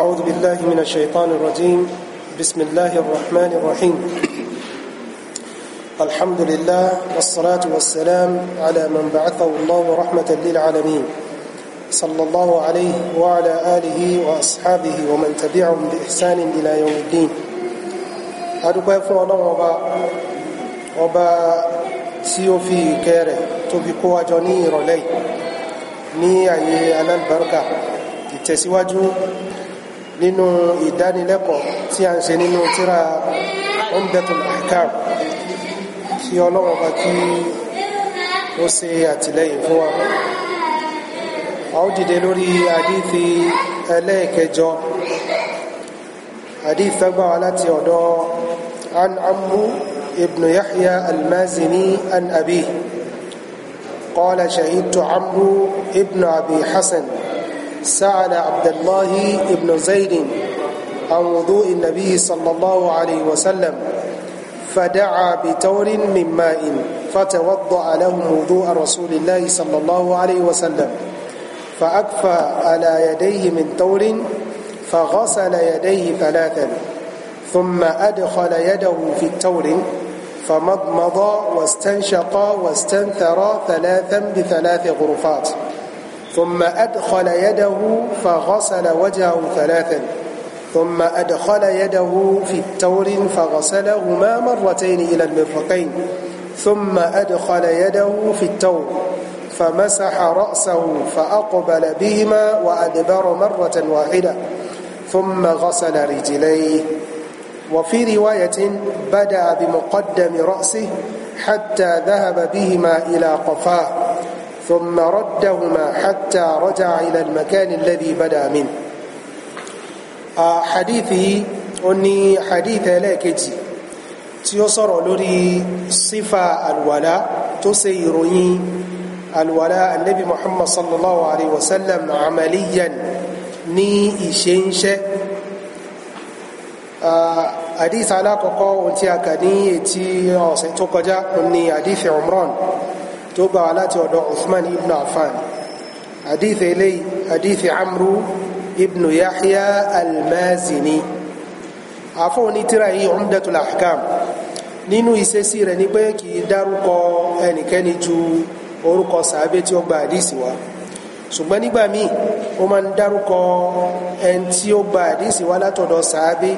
أعوذ بالله من الشيطان الرجيم بسم الله الرحمن الرحيم الحمد لله والصلاة والسلام على من بعثه الله رحمة للعالمين صلى الله عليه وعلى آله وأصحابه ومن تبعهم بإحسان إلى يوم الدين أدوكو يفو الله وبا وبا سيو في كيري تبكو أجوني رولي ni aye alalbarka ìtẹ̀síwájú nínú ìdánilẹ́kọ̀ọ́ tí a ń ṣe nínú tíra Umdatul Ahkam kí ọlọ́run bá kí ó ṣe àtìlẹ́yìn fún wa a ó dìde lórí àdífi ẹlẹ́ẹ̀kẹjọ àdífi fẹ́gbà wa láti ọ̀dọ̀ an amru ibn yahya almazini an abi قال شهدت عمرو ابن أبي حسن سأل عبد الله بن زيد عن وضوء النبي صلى الله عليه وسلم فدعا بتور من ماء فتوضأ لهم وضوء رسول الله صلى الله عليه وسلم فأكفى على يديه من تور فغسل يديه ثلاثا ثم أدخل يده في التور فمضمض واستنشق واستنثر ثلاثا بثلاث غرفات ثم أدخل يده فغسل وجهه ثلاثا ثم أدخل يده في التور فغسلهما مرتين إلى المرفقين ثم أدخل يده في التور فمسح رأسه فأقبل بهما وأدبر مرة واحدة ثم غسل رجليه وفي رواية بدأ بمقدم رأسه حتى ذهب بهما إلى قفاه ثم ردهما حتى رجع إلى المكان الذي بدأ منه حديثي أني حديث لكتي tí ó sọ̀rọ̀ lórí sífà alwala tó ṣe ìròyìn alwala annabi muhammad sallallahu alaihi wasallam amaliyan ní ìṣe ń ṣe hadith alákọ̀ọ́kọ́ ohun tí a kà ní etí ọ̀sẹ̀ tó kọjá ní hadith umran tó gbà wá láti ọ̀dọ̀ Uthman ibn Affan hadith eléyìí hadith Amru ibn Yahya al-Mazini àfọ́ onítìrà yìí Umdatul Ahkam nínú ìṣesí rẹ̀ ni pé kì í dárúkọ ẹnikẹ́ni ju orúkọ sàábé tí ó gba àdísì wá ṣùgbọ́n nígbà míì ó máa ń dárúkọ ẹni tí ó gba àdísì wá látọ̀dọ̀ sàábé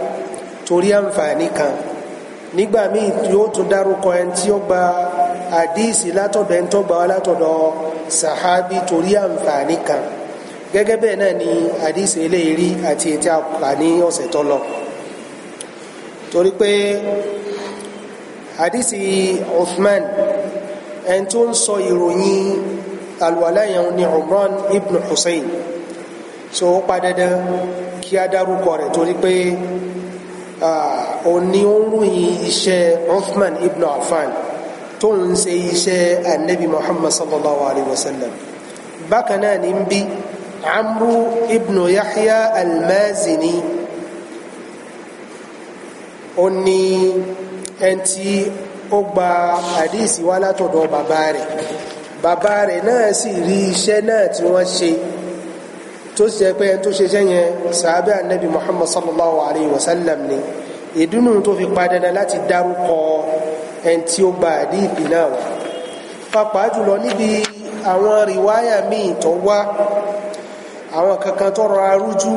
torí àǹfààní kan nígbà míì yóò tún dárúkọ ẹni tí ó gba àdíìsì látọ̀dọ̀ ẹni tó gbà wá látọ̀dọ̀ sàhábí torí àǹfààní kan gẹ́gẹ́ bẹ́ẹ̀ náà ni àdíìsì eléyìí àti ètí àpà ní ọ̀sẹ̀ tó lọ torí pé àdíìsì Uthman ẹni tó ń sọ ìròyìn alwala ni Umran ibn Hussein so ó pa dandan kí a dárúkọ rẹ̀ torí pé òní ó ń ròyìn iṣẹ́ Uthman ibn Affan tó ń ṣe iṣẹ́ anabi muhammad sallallahu alayhi wa sallam bákan náà ní bí amru ibn yahya almazini ó ní ẹntì ó gba àdíìsì wá látọ̀dọ̀ bàbá rẹ̀ bàbá rẹ̀ náà sì rí iṣẹ́ náà tí wọ́n ṣe tó ṣe pé tó ṣe iṣẹ́ yẹn sàábẹ́ anabi muhammad sallallahu alayhi wa sallam ni ìdùnnú tó fi padà láti dárúkọ ẹn tí ó gba àdíìpì náà wá pàápàá jùlọ níbi àwọn rìwáyà míì tó wá àwọn kankan tó rọra rújú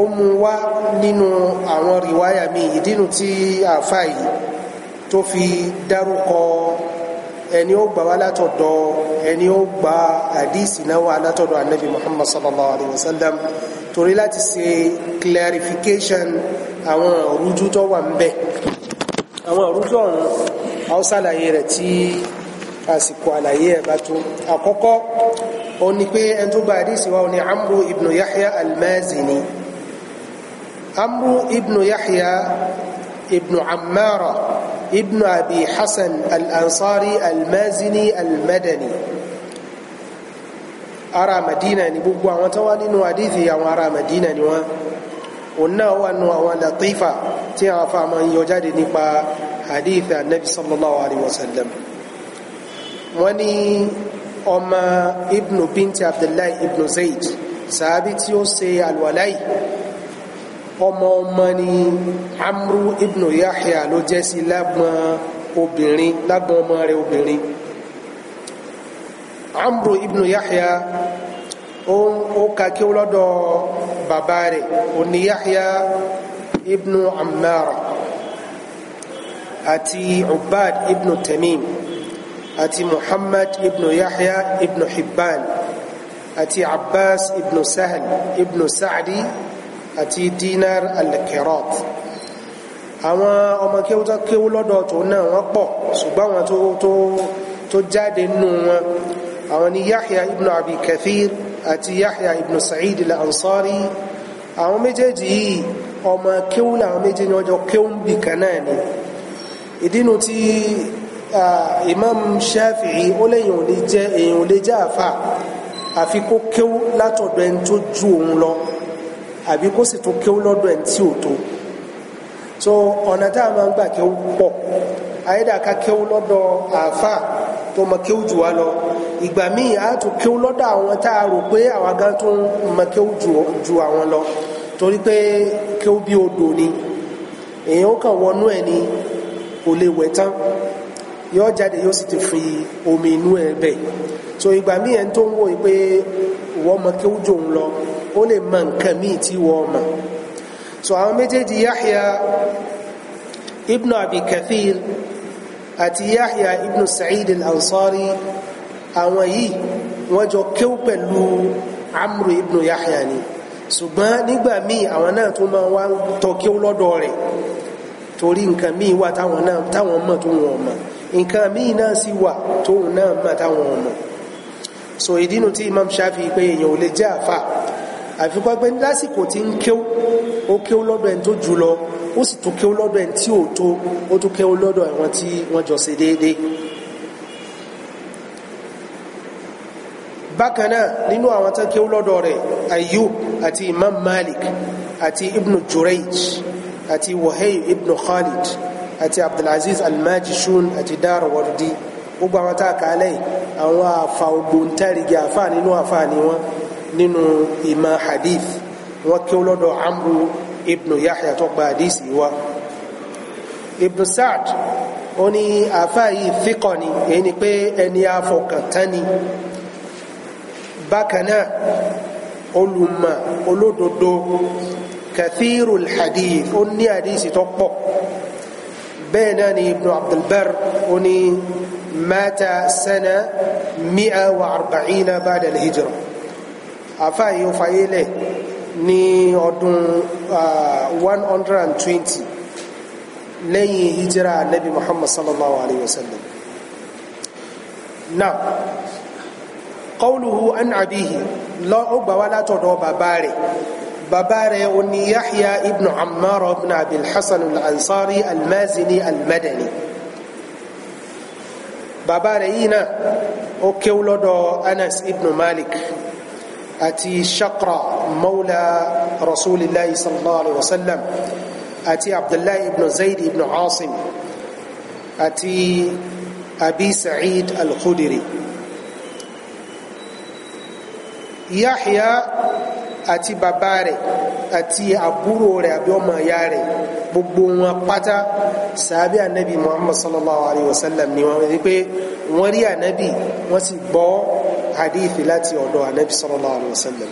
ó mú wá nínú àwọn rìwáyà míì ìdínú tí àfa yìí tó fi dárúkọ ẹni ó gbà wá látọ̀dọ̀ ẹni ó gba àdíìsì náà látọ̀dọ̀ anabi muhammad sallallahu alayhi wa sallam torí láti ṣe clarification àwọn rújú tó wà ń bẹ àwọn ìrújọ ọ̀hún a ó ṣàlàyé rẹ̀ tí àsìkò àlàyé ẹ̀ bá tó àkọ́kọ́ ó ní pé ẹni tó gba àdìsí wa ó ní amru ibnu yahya almazini amru ibnu yahya ibnu ammara ibnu abi hasan al-ansari almazini almadani ará madina ni gbogbo àwọn tó wá nínú àdìsí àwọn ará madina ni wọn òun náà wà nù àwọn latifa tí àwọn afa máa ń yọ jáde nípa hadith anabi sallallahu alayhi wa sallam wọ́n ní ọmọ ibnu binti abdullahi ibnu zayd sàábí tí ó ṣe alwalai ọmọ ọmọ ni amru ibnu yahya ló jẹ́ sí lágbọn obìnrin lágbọn ọmọ rẹ̀ obìnrin amru ibnu yahya ó ka kí ó lọ́dọ̀ bàbá rẹ̀ òní Yahya ibnu Ammara àti Ubad ibnu Tamim àti Muhammad ibnu Yahya ibnu Hibban àti Abbas ibnu Sahal ibnu Sa'di àti Dinar al-Qirat àwọn ọmọ kéwú tó kéwú lọ́dọ̀ tó náà wọ́n pọ̀ ṣùgbọ́n àwọn tó jáde nù wọn àwọn ni Yahya ibnu Abi Kathir àti Yahya ibn Sa'id al-Ansari àwọn méjèèjì yìí ọmọ kéwú làwọn méjèèjì ọjọ́ kéwú bì kan náà ni ìdínú tí Imam Shafi'i ó lẹ́yìn òní jẹ́ èyàn ò lè jẹ́ àfà àfi kó kéwú látọ̀dọ̀ ẹni tó ju òun lọ àbí kó sì tún kéwú lọ́dọ̀ ẹni tí ò tó so ọ̀nà tá a máa ń gbà kéwú pọ̀ ayédàká kéwú lọ́dọ̀ àfà tó mọ kéwú jù wá lọ ìgbà míì a tún kéwú lọ́dọ̀ àwọn tá a rò pé àwa gan tó ń mọ kéwú ju àwọn lọ torí pé kéwú bí odò ni èèyàn ó kàn wọnú ẹ̀ ni kò lè wẹ̀ tán yóò jáde yóò sì ti fi omi inú ẹ̀ bẹ̀ so ìgbà míì ẹni tó ń wò pé wọ́n mọ kéwú jò ń lọ ó lè mọ nǹkan míì tí wọ́n mọ̀ so àwọn méjèèjì Yahya ibnu Abi Kathir àti Yahya ibnu Sa'id al-Ansari àwọn yìí wọ́n jọ kéwú pẹ̀lú amru ibnu yahya ni ṣùgbọ́n nígbà míì àwọn náà tó máa wá tọ kéwú lọ́dọ̀ rẹ̀ torí nǹkan míì wà táwọn náà táwọn mọ̀ tó wọn mọ̀ nǹkan míì náà sì wà tóun náà mọ̀ táwọn mọ̀ so ìdínú tí imam shafi pé èèyàn ò lè jẹ́ àfà àfikún pé lásìkò tí ń kéwú ó kéwú lọ́dọ̀ ẹni tó jù lọ ó sì tún kéwú lọ́dọ̀ ẹni tí ò tó ó tún kéwú lọ́dọ̀ àwọn tí wọ́n jọ ṣe déédéé bákan náà nínú àwọn tó kéwú lọ́dọ̀ rẹ̀ Ayyub àti Imam Malik àti Ibn Jurayj àti Wahayb Ibn Khalid àti Abdulaziz Al-Majishun àti Darawardi gbogbo àwọn tá a kà á lẹ́yìn àwọn àfa ògbóǹtarìgì àfa nínú àfa ni wọn nínú ìmọ̀ hadith wọn kéwú lọ́dọ̀ Amru Ibn Yahya tó gba hadith yìí ibn Sa'd ó ní àfáà yìí fíkọ ni èyí ni pé ẹni afọkàntán ni bákan náà olùmọ̀ olódodo kathiru alhadith ó ní àdísì tó pọ̀ bẹ́ẹ̀ náà ni ibn abdulbar ó ní mata sana mi'a wa arba'ina ba'da alhijra àfáà yìí ó fayé lẹ̀ ní ọdún ah, one lẹ́yìn hijira nabi muhammad sallallahu alayhi wa sallam qawluhu an abihi lọ ó gbà wá látọ̀dọ̀ bàbá rẹ̀ bàbá rẹ̀ ó ní yahya ibn ammar ibn abil hasan al-ansari al-mazini al-madani bàbá rẹ̀ yìí náà ó kéwú lọ́dọ̀ anas ibn malik àti shakra mawla rasulillahi sallallahu alaihi wa sallam àti ibn zayd ibn asim àti abi sa'id al-khudiri. Yahya àti bàbá rẹ̀ àti àbúrò rẹ̀ àbí ọmọ ìyá rẹ̀ gbogbo wọn pátá sàábí ànábì Muhammad sallallahu alayhi wa sallam ni wọ́n rí pé wọ́n rí ànábì wọ́n sì gbọ́ hadithi láti ọ̀dọ̀ ànábì sallallahu alayhi wa sallam.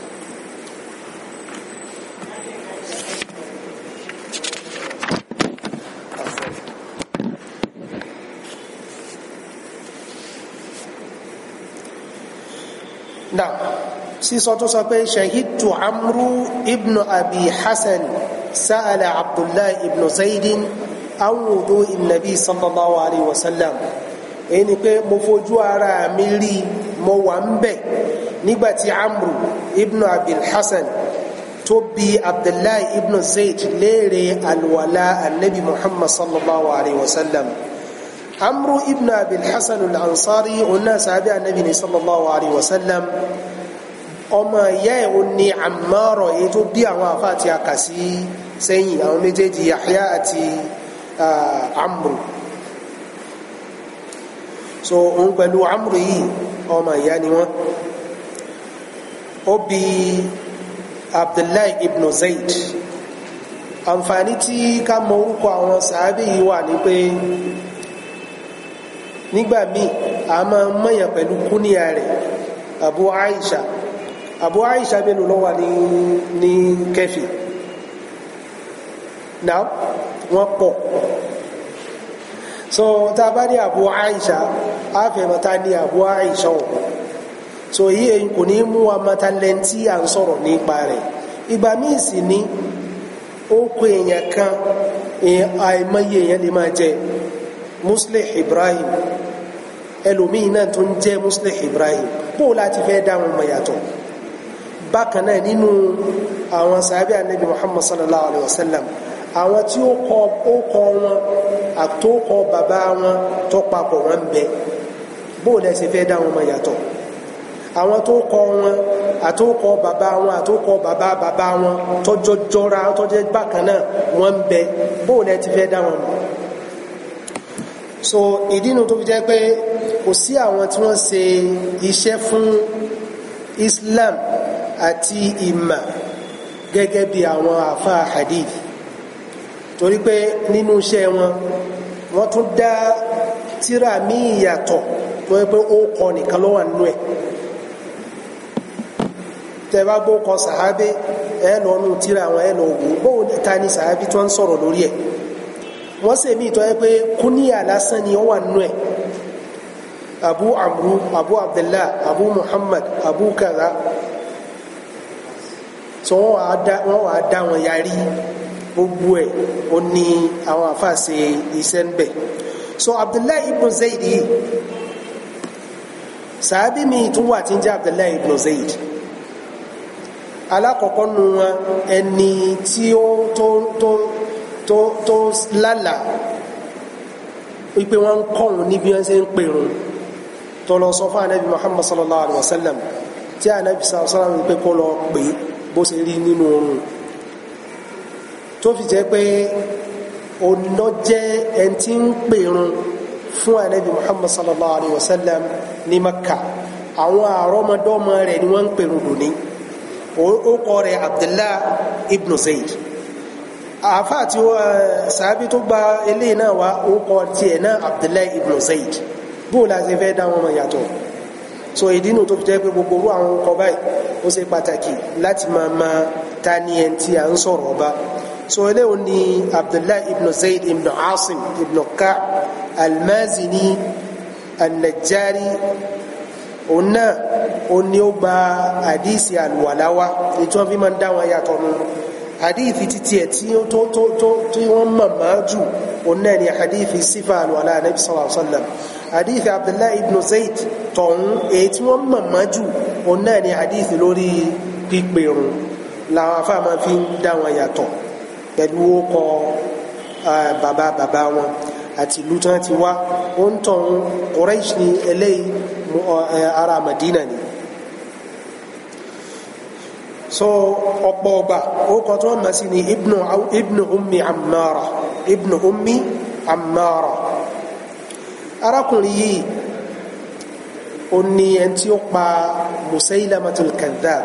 sísọ tó sọ pé ṣahidtu amru ibn abi hasan sa'ala abdullahi ibn zaidin an wudu innabi sallallahu alayhi wa sallam èyí ni pé mo fojú ara mi rí mo wà ń bẹ̀ nígbàtí amru ibn abi hasan tó bi abdullahi ibn zaid léèrè alwala annabi muhammad sallallahu alayhi wa sallam amru ibn abi hasan al-ansari òun annabi ni sallallahu alayhi wa ọmọ ìyá ẹ̀ ò ní àmọ́rọ̀ èyí tó bí àwọn àfa àti àkàsí sẹ́yìn àwọn méjèèjì Yahya àti Amru so òun pẹ̀lú Amru yìí ọmọ ìyá ni wọ́n ó bí Abdullahi ibn Zayd àǹfààní tí ká mọ orúkọ àwọn sàábì yìí wà ní pé nígbà míì a máa mọ̀yàn pẹ̀lú kúníyà rẹ̀ Abu Aisha Abu Aisha mélòó ló wà ní ní kẹfì náà wọ́n pọ̀ so tá a bá ní Abu Aisha a fẹ́ mọ̀ ta ní Abu Aisha o so yìí kò ní mú wa mọ̀ ta lẹ́ntì à ń sọ̀rọ̀ nípa rẹ̀ ìgbà míì sì ní ó kó èèyàn kan àìmọye èèyàn lè máa jẹ Muslih Ibrahim ẹlòmíì náà tó ń jẹ Muslih Ibrahim bó o láti fẹ́ dáhùn mọ̀ yàtọ̀ bákan náà nínú àwọn sàábì anabi muhammad sallallahu alayhi wa àwọn tí ó kọ ó kọ wọn àtòkọ bàbá wọn tó papọ̀ wọn ń bẹ bó lẹ fẹ́ dá wọn mọ̀ yàtọ̀ àwọn tó kọ wọn àtòkọ bàbá wọn àtòkọ bàbá bàbá wọn tọjọ tọjọ bákan náà wọn ń bẹ bó lẹ fẹ́ dá wọn mọ̀ so ìdínú tó fi jẹ́ pé kò sí àwọn tí wọ́n ṣe iṣẹ́ fún islam àti ìmà gẹ́gẹ́ bí àwọn àfa hadith torí pé nínú iṣẹ́ wọn wọ́n tún dá tíra míì yàtọ̀ tó yẹ pé ó kọ nìkan ló wà nínú ẹ̀ tẹ́bá gbó kọ sàábé ẹ lọ nù tíra àwọn ẹ lọ bóun ta ni sàábé tó ń sọ̀rọ̀ lórí ẹ̀ wọ́n sì mí tọ́ yẹ pé kúníyà lásán ni ó wà nínú ẹ̀ abu amru abu abdullah abu muhammad abu kara so wọ́n wàá dá wọ́n wàá dá wọn yarí gbogbo ẹ̀ ó ní àwọn àfáà ṣe iṣẹ́ so abdullahi ibn zayd yìí sàábì mi tún wà tí ń jẹ́ abdullahi ibn zayd alákọ̀ọ́kọ́ nu wọn ẹni tí ó tó tó tó tó lálà wípé wọ́n ń kọ́run níbi wọ́n ṣe ń pèrún tó fún anabi muhammad sallallahu alaihi wa sallam tí anabi sallallahu alaihi wa sallam wípé kó lọ pè bó ṣe rí nínú oorun tó fi jẹ́ pé ọ̀nà jẹ́ ẹni tí ń pèrun fún anabi muhammad sallallahu alayhi wa sallam ní makka àwọn àrọ́mọdọ́mọ rẹ̀ ni wọ́n ń pèrun dòní ó kọ rẹ̀ abdullah ibn zayd àfa àti sàábí tó gba eléyìí náà wá ó kọ tiẹ̀ náà abdullah ibn zayd bó o la ṣe fẹ́ yàtọ̀ so ìdínú tó fi jẹ́ pé gbogbo orú àwọn ọkọ̀ báyìí ó ṣe pàtàkì láti máa ma ta ni ẹni tí a ń sọ̀rọ̀ ọba so eléwo ni abdullahi ibn zayd ibn asim ibn ka almazini annajari òun náà ó ní ó gba àdíìsì àlùwàláwá ètò wọn fi máa ń dá wọn yàtọ̀ nù hadithi titi ẹ tí ó tó tó tó tí wọn mọ̀ máa jù òun náà ni hadithi sífà àlùwàlá anabi sallallahu hadith abdullahi ibn zayd tọ̀hún èyí tí wọ́n mọ̀mọ́ jù òun náà ni hadith lórí pípẹ̀rùn làwọn afáàmà fi ń dá wọn yàtọ̀ pẹ̀lú ókọ bàbá bàbá wọn àti ìlú tán ti wá ó ń tọ̀hún Quraysh ni eléyìí ara Madina ni so ọ̀pọ̀ ọba ókọ tó wọ́n mọ̀ sí ni ibnu ummi ammara ibnu ummi ammara arákùnrin yìí ó ní ẹni tí ó pa Musailamatul Kadhdhab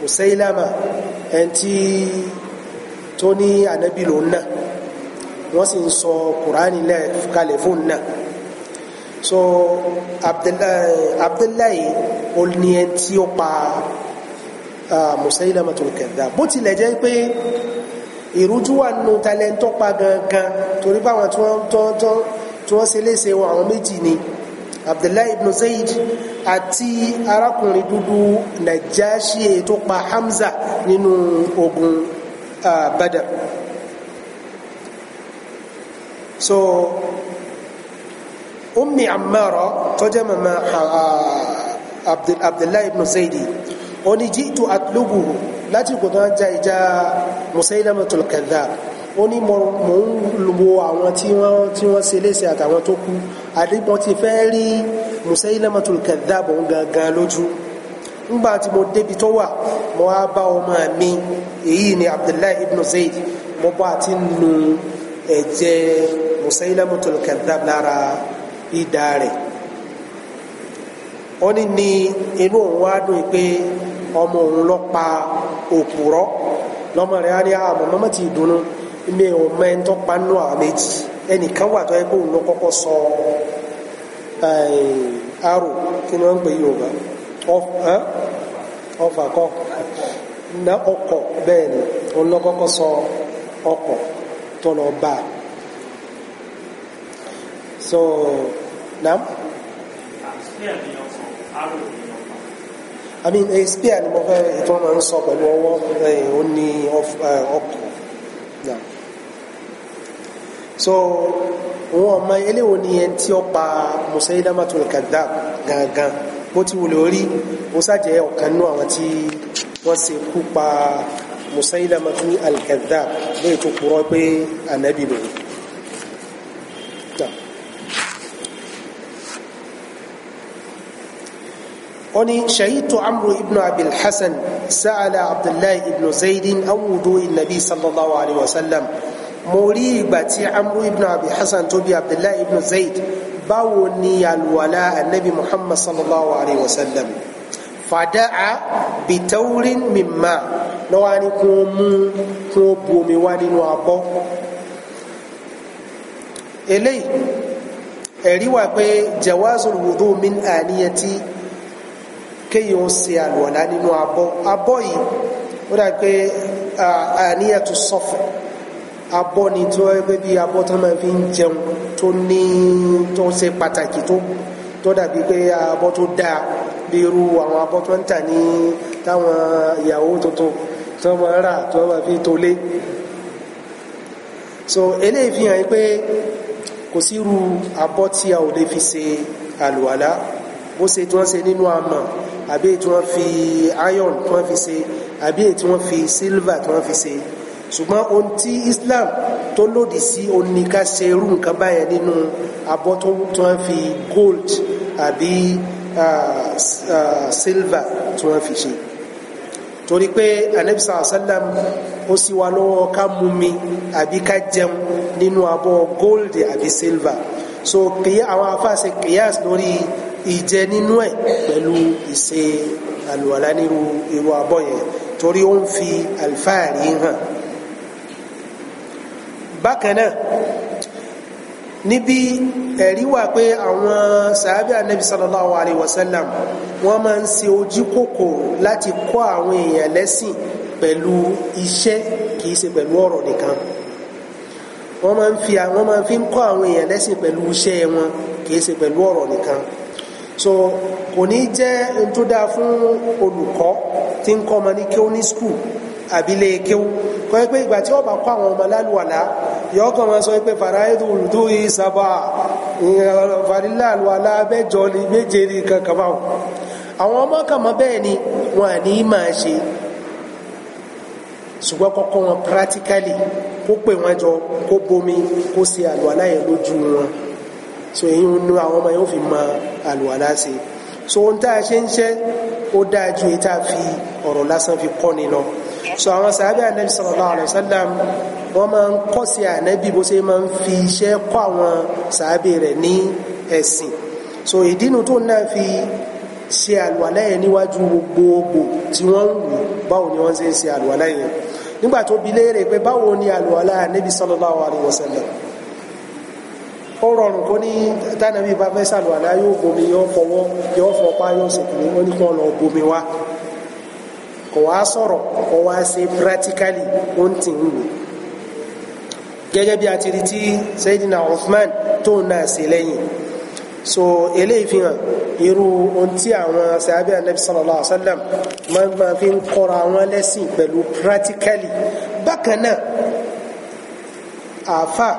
Musailama ẹni tí tó ní ànábì lòun náà wọ́n sì ń sọ kùránì kalẹ̀ fún náà so Abdullahi Abdullahi ó ní ẹni tí ó pa ah, Musailamatul Kadhdhab bó tilẹ̀ jẹ́ pé ìrújú wà nínú talẹ́ntọ́ pa gangan torí báwọn tí wọ́n tọ́ tọ́ tí wọ́n ṣe léṣe wọn àwọn méjì ni Abdullahi ibn Zayid àti arákùnrin dúdú Najashi tó pa Hamza nínú ogun uh, so Ummi Ammara tó jẹ́ mama Abdullahi ibn Zayid oni ní jíìtù atlubuhu láti kò tán ja ìjà musailamatul kadhab ó ní mo ń wo àwọn tí wọ́n tí wọ́n ṣe léṣe àtàwọn tó kú àdìgbọ́n ti fẹ́ rí musailamatul kadhab òun gangan lójú ńgbà tí mo débi tó wà mo á bá ọmọ mi èyí ni abdullahi ibn zayd mo bá ti nu ẹ̀jẹ̀ musailamatul kadhab lára ìdá rẹ̀. ó ní ní inú òun wá dùn pé ọmọ òun lọ pa òpùrọ́ lọ́mọ rẹ̀ á ní ah, àmọ́ ti dùnnú mi ò mọ ẹni tó pa nínú àwọn ẹnìkan wà tó yẹ òun sọ eh, arò kí ni na ọkọ bẹ́ẹ̀ ni òun ló kọ́kọ́ sọ ọkọ̀ I mean a spear ni mo fẹ́ ìtọ́ máa ń sọ pẹ̀lú ọwọ́ eh, ó ní ọkọ̀ náà eh, so wọn ọmọ eléwo ni ẹni tí ó pa Musailamatul Kadhab gangan bó ti wùlò rí ó sàjẹ́ ọ̀kan nú àwọn tí wọ́n ṣe kú pa Musailamatul Kadhab lóye tó kúrọ́ pé ànábì lòun oni shahitu amru ibnu abil hasan sa'ala abdullahi ibnu zaidin an wudu nabi sallallahu alaihi wasallam mo rí ìgbà tí amru ibnu abil hasan tó bi abdullahi ibnu zaid báwo ni alwala anabi muhammad sallallahu alaihi wasallam fada'a bitawrin mimma lọ́wọ́ ni kún mú kún bu omi wá nínú abọ́ jawazul wudu min aniyati kéèyàn ṣe àlùwàlá nínú abọ́ abọ́ yìí ó dà pé àníyàtú sọ́fù abọ́ ni tó ẹgbẹ́ bí abọ́ tó máa fi ń jẹun tó ní tó ṣe pàtàkì tó tó dàbí pé abọ́ tó dáa bí irú àwọn abọ́ tó ń tà ní táwọn ìyàwó tuntun tó máa rà tó máa fi tolé so eléyìí fi hàn pé kò sí irú abọ́ tí a ò lè fi ṣe àlùwàlá bó ṣe tí wọ́n ṣe nínú amọ̀ àbí tí wọ́n fi iron tí wọ́n fi ṣe àbí tí wọ́n fi silver tí wọ́n fi ṣe ṣùgbọ́n ohun tí Islam tó lòdì sí oníka ṣe irú nǹkan báyẹn nínú abọ́ tó wọ́n fi gold àbí silver tí wọ́n fi ṣe torí pé anabisa asalam ó sì wá lọ́wọ́ ká mú mi àbí ká jẹun nínú abọ́ gold àbí silver so àwọn afáàṣe kìyàs lórí ìjẹ nínú ẹ̀ pẹ̀lú ìṣe àlùwàlá nírú irú abọ́ yẹn torí ó ń fi àlùfáàrí hàn bákan náà níbi ẹ̀rí wà pé àwọn sàábì anabi sallallahu alayhi wa sallam wọ́n máa ń ṣe ojú kòkòrò láti kọ́ àwọn èèyàn lẹ́sìn pẹ̀lú iṣẹ́ kìí ṣe pẹ̀lú ọ̀rọ̀ nìkan wọ́n máa ń fi kọ́ àwọn èèyàn lẹ́sìn pẹ̀lú iṣẹ́ wọn kìí ṣe pẹ̀lú ọ̀rọ̀ nìkan so kò ní jẹ́ n tó dáa fún olùkọ́ tí ń kọ́ ọmọ ní kéwú ní skul àbílẹ̀ kéwú kọ́ ẹ pé ìgbà tí ọba kọ́ àwọn ọmọ lálùwàlá yọ ọkọ̀ wọn sọ pé faraidu olùdó yìí sábà farila àlùwàlá mẹ́jọ méje ni kankan báwọn àwọn ọmọ kan mọ bẹ́ẹ̀ ni wọn à ní máa ṣe ṣùgbọ́n kọ́kọ́ wọn practically kó pè wọn jọ kó bomi kó ṣe àlùwàlá yẹn lójú wọn so èyí ń nu àwọn ọmọ yóò fi mọ àlùwàlá ṣe so ohun tá a ṣe ń ṣe ó dáa ju èyí tá a fi ọ̀rọ̀ lásán fi kọ́ ni lọ so àwọn sàábẹ́ ànábì sallallahu alaihi wasallam wọ́n máa ń kọ́ sí ànábì bó ṣe máa ń fi iṣẹ́ kọ́ àwọn sàábẹ́ rẹ̀ ní ẹ̀sìn so ìdínú tó náà fi ṣe àlùwàlá yẹn níwájú gbogbogbò tí wọ́n ń wù báwo ni wọ́n ṣe ń ṣe àlùwàlá yẹn nígbà tó bi léèrè pé báwo ni àlùwàlá ànábì sallallahu alaihi wasallam ó rọrùn kó ní tánàbí bá fẹ́ sàlùwàlá yóò bomi yóò fọwọ́ yóò fọpá yóò sèkìní ó ní kó lọ bomi wá kò wá sọ̀rọ̀ kò wá ṣe practically ó ń tì ń wò gẹ́gẹ́ bí a ti rí tí Sayyidina Uthman tó náà ṣe lẹ́yìn so eléyìí fi hàn irú ohun tí àwọn sàbẹ̀ anabi sallallahu alayhi wa sallam máa ma fi ń kọ́ra àwọn lẹ́sìn pẹ̀lú practically bákan náà àáfàá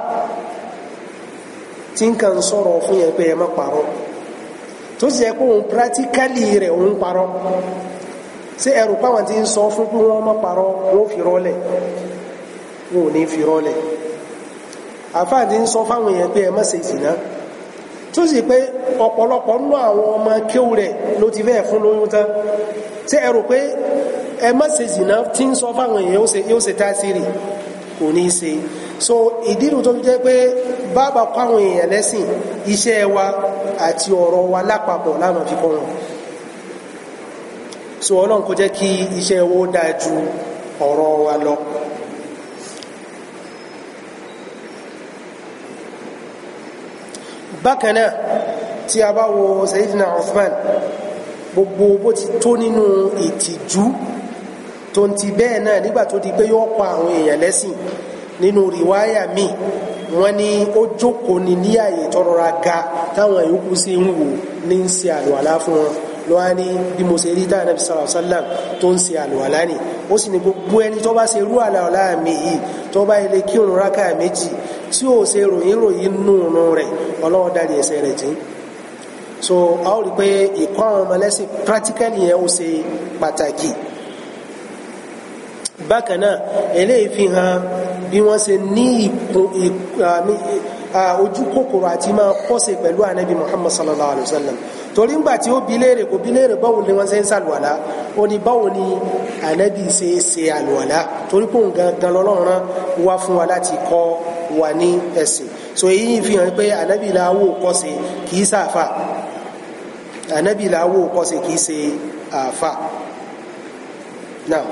tí n kàn sọ̀rọ̀ fún yẹn pé ẹ má parọ́ tó sì yẹ pé òun rẹ̀ òun parọ́ ẹrù páwọn ti ń sọ fún pé wọ́n má parọ́ wọ́n fi rọ́lẹ̀ wọn ò ní fi rọ́lẹ̀ àfáà ti ń sọ fáwọn èèyàn pé ẹ má ṣe ìsìná tó sì pé ọ̀pọ̀lọpọ̀ nínú àwọn ọmọ kéwù rẹ̀ ló ti fẹ́ fún lóyún tán ṣé ẹrù pé ẹ má so ìdínú tó fi jẹ́ pé bàbá kọ́ àwọn èèyàn lẹ́sìn iṣẹ́ wa àti ọ̀rọ̀ wa lápapọ̀ láàmà fi wọn so ọlọ́run kó jẹ́ kí iṣẹ́ wo dáa ju ọ̀rọ̀ wa lọ bákanáà tí a bá wo Sayyidina Uthman gbogbo bó ti tó nínú ìtìjú tó ń ti bẹ́ẹ̀ náà nígbà tó di pé yóò àwọn èèyàn lẹ́sìn nínú rìwáyà mi wọ́n ní ó jókòó ni ní àyè tọrọra ga táwọn yòókù sí ń wò ní ń ṣe àlùwàlá fún wọn lọ́wọ́ ní bí mo ṣe rí tá ànábì sallallahu alaihi tó ń ṣe àlùwàlá ni ó sì ní gbogbo ẹni tó bá ṣe rú àlùwàlá mi yìí tó bá ilé kírun rákà méjì tí ò ṣe ròyìn ròyìn nù nù rẹ̀ ọlọ́wọ́ dárí ẹ̀ṣẹ̀ rẹ̀ jìn so a ó rí i pé ìkọ́ àwọn ọmọlẹ́sìn practically yẹn ó ṣe pàtàkì bákan náà eléyìí fi hàn bí wọ́n ṣe ní ojú kòkòrò àti máa kọ́sẹ̀ pẹ̀lú ànábì muhammad sallallahu alayhi wa sallam torí ńgbà tí ó bi léèrè kò bi léèrè báwo ni wọ́n ṣe ń ṣàlùwàlá ó ní báwo ni ànábì ṣe é ṣe àlùwàlá torí pé òun gangan lọ́lọ́run wá fún wa láti kọ́ wa ní ẹ̀sìn so èyí fi hàn pé ànábì làwọ̀ kọ́sẹ̀ kì í ṣàfà ànábì làwọ̀ kọ́sẹ̀ kì í ṣe àfà náà.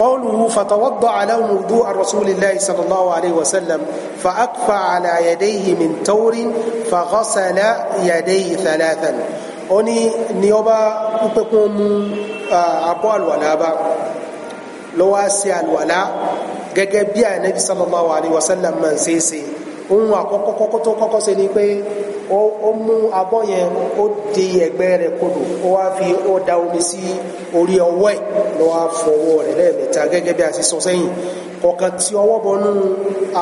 قوله فتوضع لهم وضوء رسول الله صلى الله عليه وسلم فأكفى على يديه من تور فغسل يديه ثلاثا oni ni ọba pípẹ́kún mú abọ́ àlùwàlá bá ló wá sí àlùwàlá gẹ́gẹ́ bí ànábi sallallahu alayhi wa sallam máa ń ṣe é ṣe ohun àkọ́kọ́ kọ́kọ́ tó kọ́kọ́ ṣe ni pé ó mú abọ́ yẹn ó di ẹ̀gbẹ́ rẹ̀ kodò ó wá fi ó da omi sí orí ọwọ́ ẹ̀ ló wá fọwọ́ rẹ̀ lẹ́ẹ̀mẹ́ta gẹ́gẹ́ bí a ti sọ sẹ́yìn kọ̀ọ̀kan tí ọwọ́ bọnú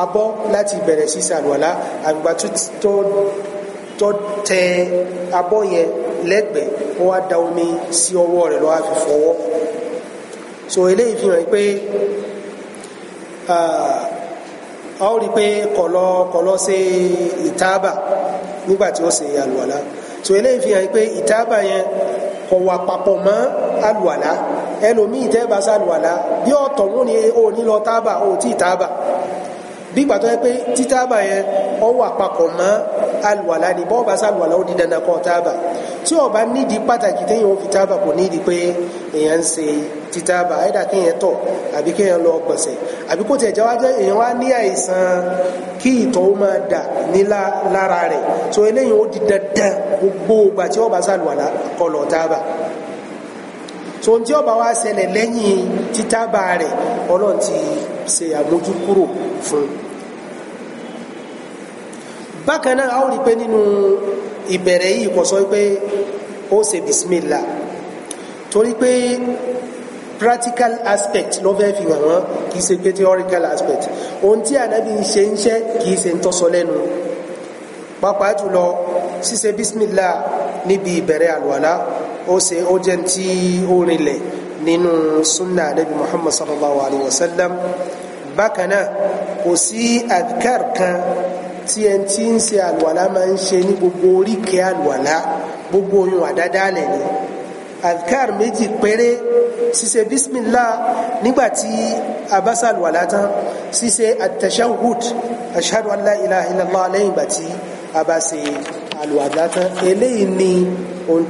abọ́ láti bẹ̀rẹ̀ sí sàlùwàlá àgbà tó tẹ abọ́ yẹn lẹ́gbẹ̀ẹ́ ó wá da omi sí ọwọ́ rẹ̀ ló wá fi fọwọ́ so eléyìí fi hàn pé ah, a ó rí i pé kọ̀lọ́ kọ̀lọ́ ṣe ìtaaba nígbà tí ó ṣe àlùwàlá so eléyìí fi hàn pé ìtàbà yẹn kò wà papọ̀ mọ́ àlùwàlá ẹlòmíì tẹ́ẹ̀bà sàlùwàlá bí ọ̀tọ̀ wọn ni ó ní lọ tábà ó tí tábà bí gbàtọ́ yẹ pé títábà yẹn ó wà papọ̀ mọ́ àlùwàlá ni bọ́ọ̀bà sàlùwàlá ó di dandan kọ́ tábà tí ó bá nídìí pàtàkì téèyàn fi tábà kò nídìí pé èèyàn ń ṣe títábà ẹ̀dà kéèyàn tọ̀ àbí kéèyàn lọ gbọ̀nsẹ̀ àbí kó tiẹ̀ jáwá jẹ́ èèyàn wá ní àìsàn kí ìtọ̀ ó máa dà ní lára rẹ̀ tó eléyìí ó di dandan gbogbo ìgbà tí ó bá ṣàlùwàlá tábà tó ń tí ó wá ṣẹlẹ̀ lẹ́yìn títábà rẹ̀ ọlọ́run ti ṣe àmójúkúrò fún bákan náà a ó nínú ìbẹ̀rẹ̀ yìí kò sọ pé ó ṣe bismillah torí pé practical aspect ló fẹ́ fi hàn wọ́n kì í pé theoretical aspect ohun tí ànábì ń ṣe ń ṣe kì í ń tọ́sọ lẹ́nu pàápàá jùlọ ṣíṣe bismillah níbi ìbẹ̀rẹ̀ àlùwàlá ó ṣe ó jẹ́ tí ó rinlẹ̀ nínú sunna ànábì muhammad sallallahu alaihi wasallam sallam bákan náà kò sí adkar kan tí ẹn tí ń ṣe àlùwàlá máa ń ṣe ní gbogbo oríkèé àlùwàlá gbogbo oyún àdádálẹ̀ ni adkar méjì péré ṣíṣe bísmìlá nígbàtí abásàlùwàlá tán ṣíṣe àtẹ̀ṣẹ́hùd ashhadu an la ilaha illallah lẹ́yìn ìgbàtí abáṣe àlùwàlá tán eléyìí ni ohun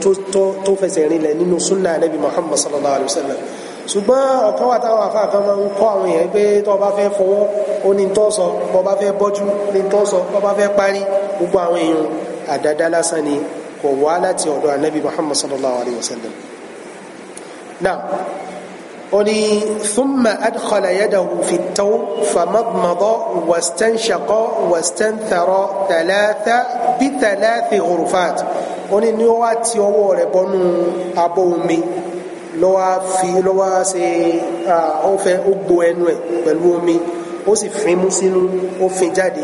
tó fẹsẹ̀ rinlẹ̀ nínú súnà Ànábì Muhammad sallallahu alayhi wa sallam ṣùgbọ́n ọ̀kan wà táwọn àfáà kan máa ń kọ́ àwọn èèyàn pé tó bá fẹ́ fọwọ́ ó ní tó sọ bó bá fẹ́ bọ́jú ní tó sọ bó bá fẹ́ parí gbogbo àwọn èèyàn àdáda lásán ni kò wá láti ọ̀dọ̀ anabi muhammad sallallahu alayhi wa sallam náà ó ní thumma adkhala yadahu fi taw famadmada wastanshaqa wastanthara thalatha bi thalathi ghurufat ó ní ni ó wá ti ọwọ́ rẹ̀ bọ́nú abọ́ omi lọ́wọ́ fi lọ́wọ́ se ọ̀fẹ́ ó gbo ẹnu ẹ̀ pẹ̀lú omi ó sì fin mú sínú ó fin jáde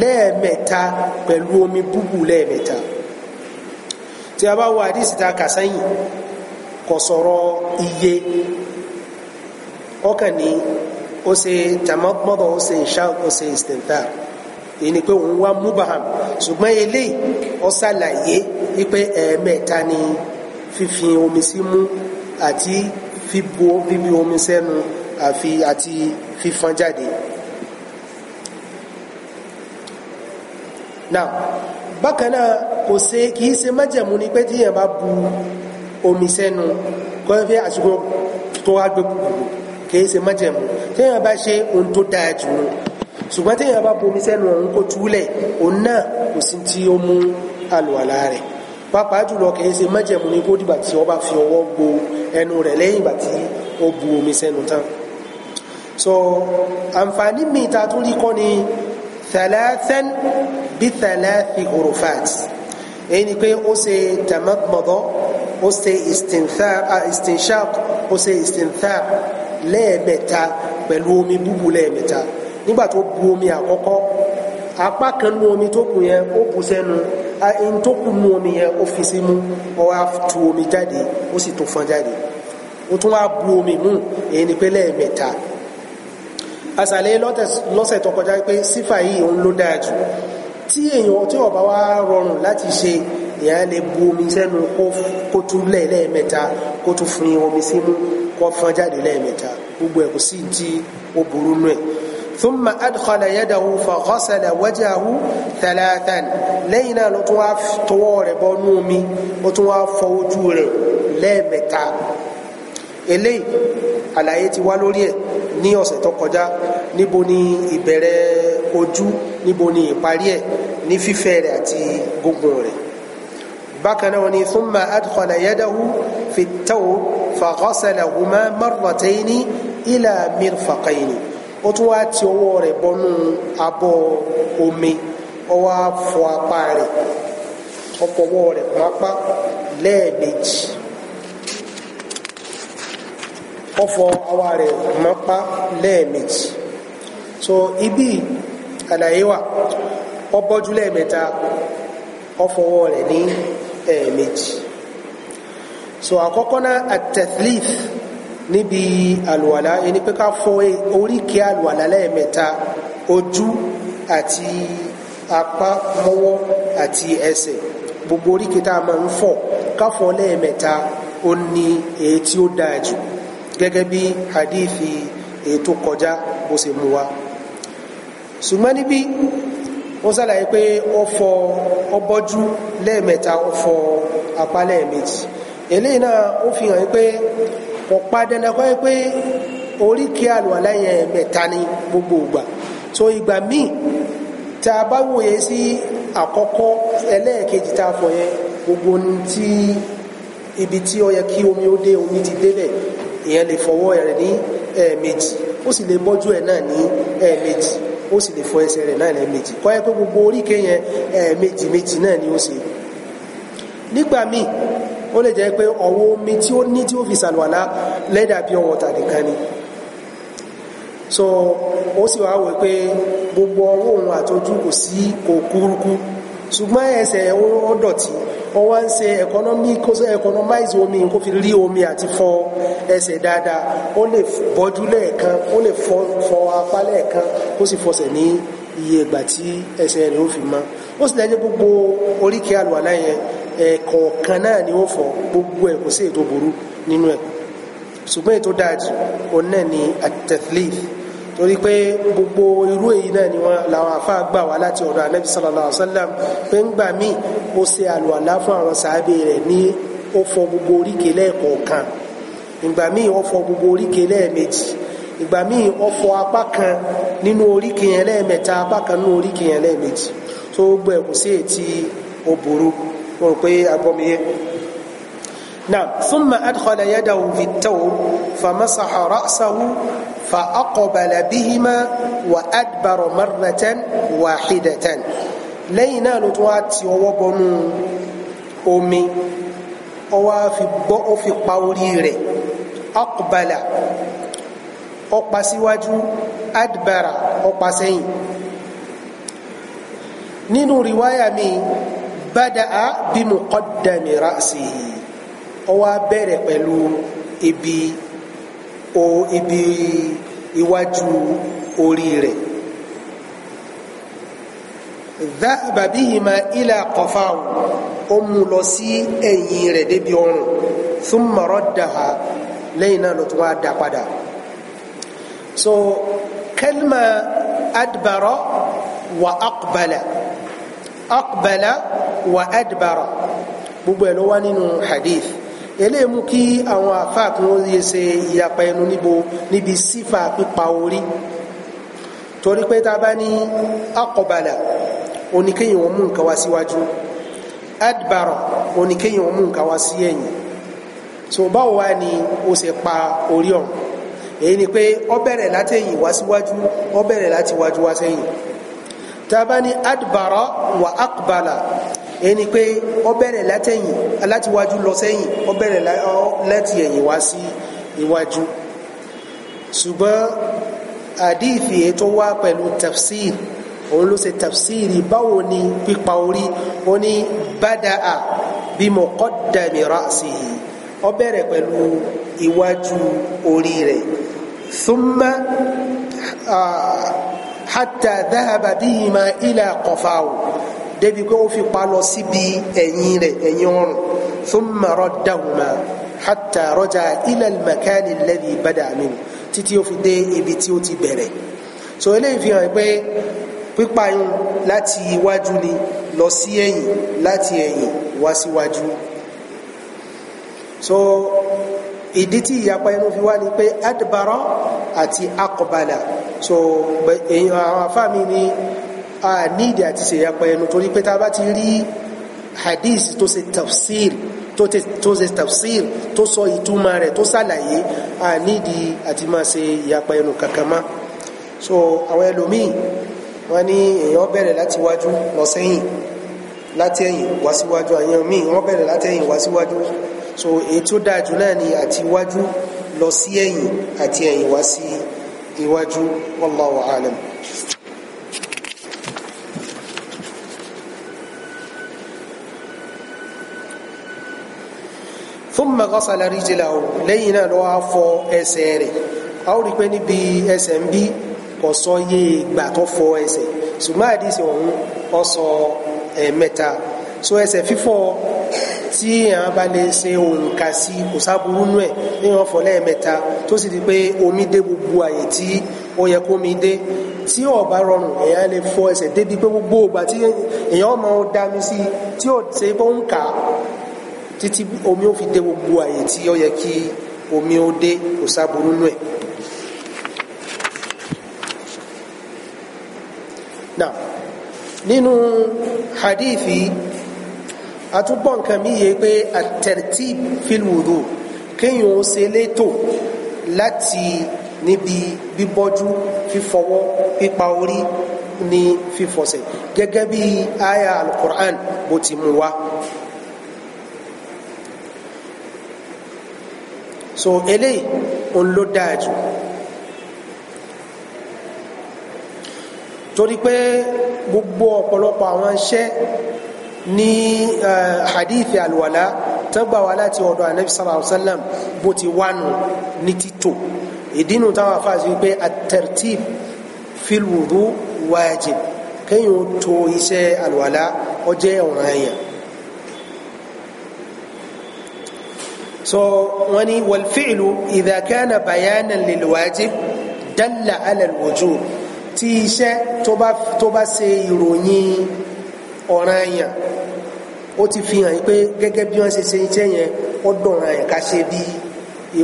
lẹ́ẹ̀mẹ́ta pẹ̀lú omi búbù lẹ́ẹ̀mẹ́ta tí a bá wo àdìsí ta kò sọ̀rọ̀ iye ọkàn ní ó ṣe tàmọ́tọ́tọ́ ó ṣe ìṣá ó ṣe ìsìntà èyí ni pé òun wá mubaham ṣùgbọ́n eléyìí ó ṣàlàyé wípé ẹ̀ẹ̀mẹ́ta ni fífi omi sí mú àti fíbu bíbí omi sẹ́nu àfi àti fífọn jáde. now bákan náà kò ṣe kì í ṣe májẹ̀mú ni pé tíyẹn bá bu omi sẹ́nu kọ́ ẹ fẹ́ àsìkò tó wá gbé kúrò kì í ṣe májẹ̀mú tíyẹn bá ṣe ohun tó dáa jù lọ ṣùgbọ́n tíyẹn bá bu omi sẹ́nu ọ̀hún kó túlẹ̀ òun náà kò sí tí ó mú àlùwàlá rẹ̀ pàápàá jùlọ kìí ṣe májẹ̀mú ní kó dìgbà tí ó bá fi ọwọ́ gbo ẹnu rẹ̀ lẹ́yìn ìgbà tí ó bu omi sẹ́nu tán so àǹfààní mi ta tún rí kọ́ ni thalathan bí thalathi hurufat èyí ni pé ó ṣe tamadmada ó ṣe istinshaq ó ṣe istinthaq lẹ́ẹ̀mẹ́ta pẹ̀lú omi búbu lẹ́ẹ̀mẹ́ta nígbà tó bu omi àkọ́kọ́ apá kan nu omi tó kù yẹn ó bu sẹ́nu ẹni tó kù mú omi yẹn ó fi sí mú ó wá tu omi jáde ó sì tún fọ́n jáde ó tún wá bu omi mú èyí ni pé lẹ́ẹ̀mẹ́ta àṣàlẹ̀ lọ́sẹ̀ tó kọjá pé sífà yìí òun ló dáa jù tí èèyàn tí ó bá wá rọrùn láti ṣe èèyàn lè bu omi sẹ́nu kó tún lẹ̀ lẹ́ẹ̀mẹ́ta kó tún fún omi símú kó fọ́n jáde lẹ́ẹ̀mẹ́ta gbogbo ẹ̀ sí tí ó burú nù ẹ̀ ثم أدخل يده فغسل وجهه ثلاثا لينا لطواف طوار بنومي وطواف فوجور لمتا إلي على آية والولي ní ọ̀sẹ̀ tó kọjá níbo ni ìbẹ̀rẹ̀ ojú níbo ni ìparí ẹ̀ ní fífẹ̀ rẹ̀ àti gúngùn rẹ̀ bákan náà ni thumma adkhala yadahu fi at-tawb fa ghasalahuma marratayni ila mirfaqayni ó tún ti ọwọ́ rẹ̀ bọnú abọ́ omi ó fọ apá rẹ̀ ó fọwọ́ rẹ̀ pápá lẹ́ẹ̀mejì awa rẹ̀ lẹ́ẹ̀mejì so ibi àlàyé wà ó bọ́jú ọfọ ó rẹ̀ ní ẹ̀ẹ̀mejì so àkọ́kọ́ náà at níbi àlùwàlá ẹni pé ká fọ oríkèé àlùwàlá lẹ́ẹ̀mẹ́ta ojú àti apá mọ́wọ́ àti ẹsẹ̀ gbogbo oríkèé tá a máa ń fọ ká fọ lẹ́ẹ̀mẹ́ta ó ní èyí tí ó dáa jù gẹ́gẹ́ bí hadithi èyí tó kọjá ó sì mú wa ṣùgbọ́n níbí wọ́n sàlàyé pé ó fọ ọbọ́jú lẹ́ẹ̀mẹ́ta ó fọ apá lẹ́ẹ̀mejì eléyìí náà ó fi hàn pé kò pa dandan kọ́ ẹ pé oríkì àlùwàlá yẹn mẹ́ta ni gbogbo ìgbà so ìgbà míì tá a bá wòye sí àkọ́kọ́ ẹlẹ́ẹ̀kejì tá a fọ̀ yẹn gbogbo tí ibi tí ó yẹ kí omi ó dé omi ti délẹ̀ ìyẹn lè fọwọ́ rẹ̀ ní ẹ̀ẹ̀mejì ó sì lè mọ́jú ẹ̀ náà ní ẹ̀ẹ̀mejì ó sì lè fọ ẹsẹ̀ rẹ̀ náà lẹ́ẹ̀mejì kọ́ ẹ pé gbogbo oríkè yẹn ẹ̀ẹ̀mejì méjì náà ni ó ṣe nígbà míì ó lè jẹ́ pé ọ̀wọ́ omi tí ó ní tí ó fi sàlùwàlá lẹ́dà bí ọwọ́ tàbí ni so ó sì wá wò pé gbogbo ọwọ́ òun àtọ́jú kò sí kò kúrúkú ṣùgbọ́n ẹsẹ̀ ó dọ̀tí wọ́n wá ń ṣe economize omi kó fi rí omi àti fọ ẹsẹ̀ dáadáa ó lè bọ́jú lẹ́ẹ̀kan ó lè fọ apá lẹ́ẹ̀kan ó sì fọsẹ̀ ní iye ìgbà tí ẹsẹ̀ rẹ̀ ó fi mọ́ ó sì lẹ́yìn gbogbo oríkèé àlùwàlá yẹn ẹ̀kọ̀ọ̀kan náà ni ó fọ gbogbo ẹ̀ kò sí ètò burú nínú ẹ̀ ṣùgbọ́n ètò dájú òun náà ni at-tathlith torí pé gbogbo irú èyí náà ni wọn làwọn afa gbà wá láti ọ̀dọ̀ anabi sallallahu wa sallam pé ń gbà mí ó ṣe àlùwàlá fún àwọn sàábé rẹ̀ ní ó fọ gbogbo oríkèé lẹ́ẹ̀kọ̀ọ̀kan ìgbà míì ó fọ gbogbo oríkèé mo rò pé abọ́mi yẹn. نعم ثم أدخل يده في التوب فمسح رأسه فأقبل بهما وأدبر مرة واحدة لينا لتوات وبن أمي وفي بؤ في قولير أقبل أقبس وجه أدبر أقبسين نينو رواية مين bada'a bi muqaddami ra'sihi ó wá bẹ̀rẹ̀ pẹ̀lú ibi o ibi iwájú orí rẹ̀ dhahaba bihima ila qafaw ó mú lọ sí ẹ̀yìn rẹ̀ débi ọrùn thumma raddaha lẹ́yìn náà ló tún wá dá so kalma adbara wa aqbala aqbala wa adbara gbogbo ẹ̀ ló wá nínú hadith eléyìí mú kí àwọn àfáà kí wọ́n yẹ ṣe ìyapa ẹnu níbo níbi sífà pípa orí torí pé tá a bá ní akọbalà oníkéyìn wọn mú nǹkan wá síwájú adbara oníkéyìn wọn mú nǹkan wá sí ẹ̀yìn so báwo wá ni o ṣe pa orí ọ̀hún èyí ni pé ó láti ẹ̀yìn wá síwájú ó láti wájú wá sẹ́yìn tá a bá ní adbara wà akọbalà ẹni pé ó bẹ̀rẹ̀ látẹ̀yìn látiwájú lọ sẹ́yìn ó bẹ̀rẹ̀ láti ẹ̀yìn wá sí iwájú ṣùgbọ́n àdífì ètò wá pẹ̀lú tafsir òun ló ṣe tafsiri báwo ni pípa orí ó ní bada'a bi muqaddami ra'sihi ó bẹ̀rẹ̀ pẹ̀lú iwájú orí rẹ̀ thumma hatta dhahaba bihima ila qafahu débi pé wọ́n fi pa lọ síbi ẹ̀yìn rẹ̀ ẹ̀yìn ọrùn thumma raddahuma hatta raja ila al-makani alladhi bada'a min títí ó fi dé ibi tí ó ti bẹ̀rẹ̀ so eléyìí fi hàn pé pípayún láti iwájú ni lọ sí ẹ̀yìn láti ẹ̀yìn wá síwájú so ìdí tí ìyapa inú fi wá ni pé adbara àti akọbalà so àwọn afáàmì ni a nídìí àti ṣèyapa ẹnu torí pé tá a bá ti rí hadith tó ṣe tafsir tó te tó ṣe tafsir tó sọ ìtumọ̀ rẹ̀ tó ṣàlàyé a nídìí àti máa ṣe ìyapa ẹnu kankan mọ́ so àwọn ẹlòmíì wọ́n ní èèyàn bẹ̀rẹ̀ láti wájú lọ sẹ́yìn láti ẹ̀yìn wá síwájú àyàn míì wọ́n bẹ̀rẹ̀ láti ẹ̀yìn wá síwájú so èyí tó dáa jù náà ni àti wájú lọ sí ẹ̀yìn àti ẹ̀yìn wá sí iwájú wallahu alam. thumma ghasala rijlahu lẹ́yìn náà ló wá fọ ẹsẹ̀ rẹ̀ a ó rí pé níbi ẹsẹ̀ ń bí kò sọ iye ìgbà tó fọ ẹsẹ̀ ṣùgbọ́n àdìsí ọ̀hún ó sọ ẹ̀ẹ̀mẹ́ta so ẹsẹ̀ fífọ̀ tí èèyàn bá lè ṣe òǹkà sí kò sáburú nú ẹ̀ níwọ̀n fọ̀ lẹ́ẹ̀mẹ́ta tó sì di pé omi dé gbogbo àyè tí ó yẹ kó mi dé tí ó bá rọrùn èèyàn lè fọ ẹsẹ̀ débi pé gbogbo ìgbà tí èèyàn máa dá mi sí tí ó ṣe bó ń kà á Titi omi ó fi dé gbogbo àyè tí ó yẹ kí omi ó dé kò sáburú nù ẹ̀. now nínú hadithi àtúgbọ́n nǹkan mi yé pé at-tartib fil wudu kéèyàn ó ṣe létò láti níbi bíbọ́jú fífọwọ́ pípa orí ní fífọsẹ̀ gẹ́gẹ́ bí aya al-Qur'an bó ti mú wa. so eléyìí òun ló dáa jù torí pé gbogbo ọ̀pọ̀lọpọ̀ àwọn iṣẹ́ ní hadith alwala tó gbà wá láti ọ̀dọ̀ anabi sallallahu alayhi wa sallam bó ti wánu ní títò ìdínú táwọn afáàsì wípé at-tartib fil kéèyàn tó iṣẹ́ alwala ó jẹ́ ọ̀ranyàn. so wani walfi'lu idha kana bayanan lilwajib dalla ala alwujub tí iṣẹ́ tó bá tó bá ṣe ìròyìn ọ̀ranyàn ó ti fi hàn pé gẹ́gẹ́ bí wọ́n ṣe ṣe iṣẹ́ yẹn ó dọ̀ràn yẹn ká ṣe bí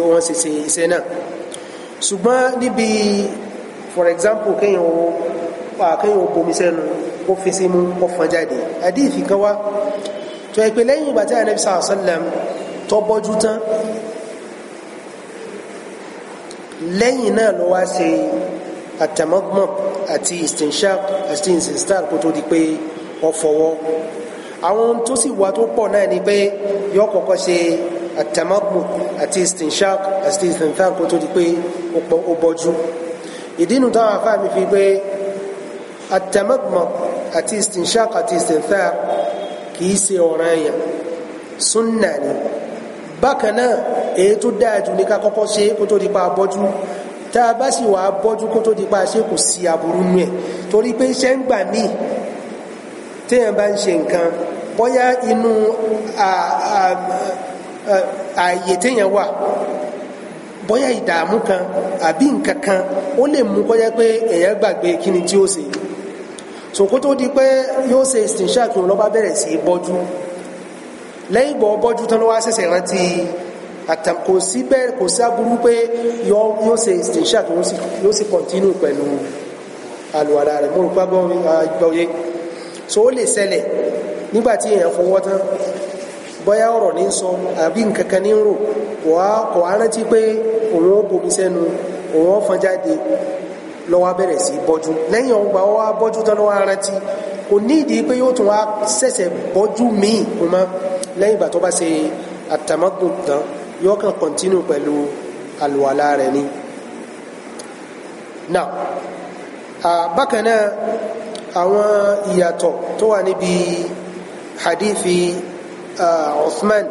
wọ́n ṣe ṣe iṣẹ́ náà ṣùgbọ́n níbi for example kéèyàn ó kéèyàn ó bomi sẹ́nu ó fi sí mú ó jáde àdìsí kan tó ẹ lẹ́yìn ìgbà tí Ànábì sallallahu alaihi tọ́bọ́jú tán lẹ́yìn náà ló wá ṣe àtẹ̀mọ́gbọ̀n àti istinshaq àti insinstar kó tó di pé ó fọwọ́ àwọn tó sì wà tó pọ̀ náà ni pé yọ kọ́kọ́ ṣe àtẹ̀mọ́gbọ̀n àti istinshaq àti insinstar kó tó di pé ó bọ́jú ìdí inú táwọn afáàmì fi pé àtẹ̀mọ́gbọ̀n àti istinshaq àti insinstar kì í ṣe ọ̀ranyàn sunna ni bákan náà èyí tó dáa jù ní ká kọ́kọ́ ṣe kó tó di pa abọ́jú tá a bá sì wà abọ́jú kó tó di pa ṣe kò sí aburú nù ẹ̀ torí pé iṣẹ́ ń gbà míì téèyàn bá ń ṣe nǹkan bóyá inú ààyè téèyàn wà bóyá ìdààmú kan àbí nǹkan kan ó lè mú kó pé èèyàn gbàgbé kíni tí ó ṣe sòkótó di pé yóò ṣe ìsìnṣàkìrò lọ́ba bẹ̀rẹ̀ sí í bọ́jú lẹ́yìn ìgbà ọbọ́jú tán ló wá ṣẹ̀ṣẹ̀ rántí kò sí bẹ́ẹ̀ kò sí aburú pé yóò ṣe ìṣà tó yóò sì kọ̀ntínú pẹ̀lú àlùwàlà rẹ̀ mo rò pé agbọ́yé so ó lè ṣẹlẹ̀ nígbà tí èèyàn fọwọ́ tán bóyá ọ̀rọ̀ ní sọ àbí nkankan ní rò kò á rántí pé òun ó bomi sẹ́nu òun ó fọn jáde lọ́wọ́ bẹ̀rẹ̀ sí bọ́jú lẹ́yìn ọgbà ó wá bọ́jú tán lọ́wọ́ rántí kò ní ìdí pé yóò tún wá ṣẹ̀ṣẹ̀ bọ́jú míì kò máa lẹ́yìn ìgbà tó bá ṣe àtàmọ́gbọ̀n tán yóò kàn kọ́ntínú pẹ̀lú àlùwàlá rẹ̀ ni. now bákan náà àwọn ìyàtọ̀ tó wà níbi hadithi Uthman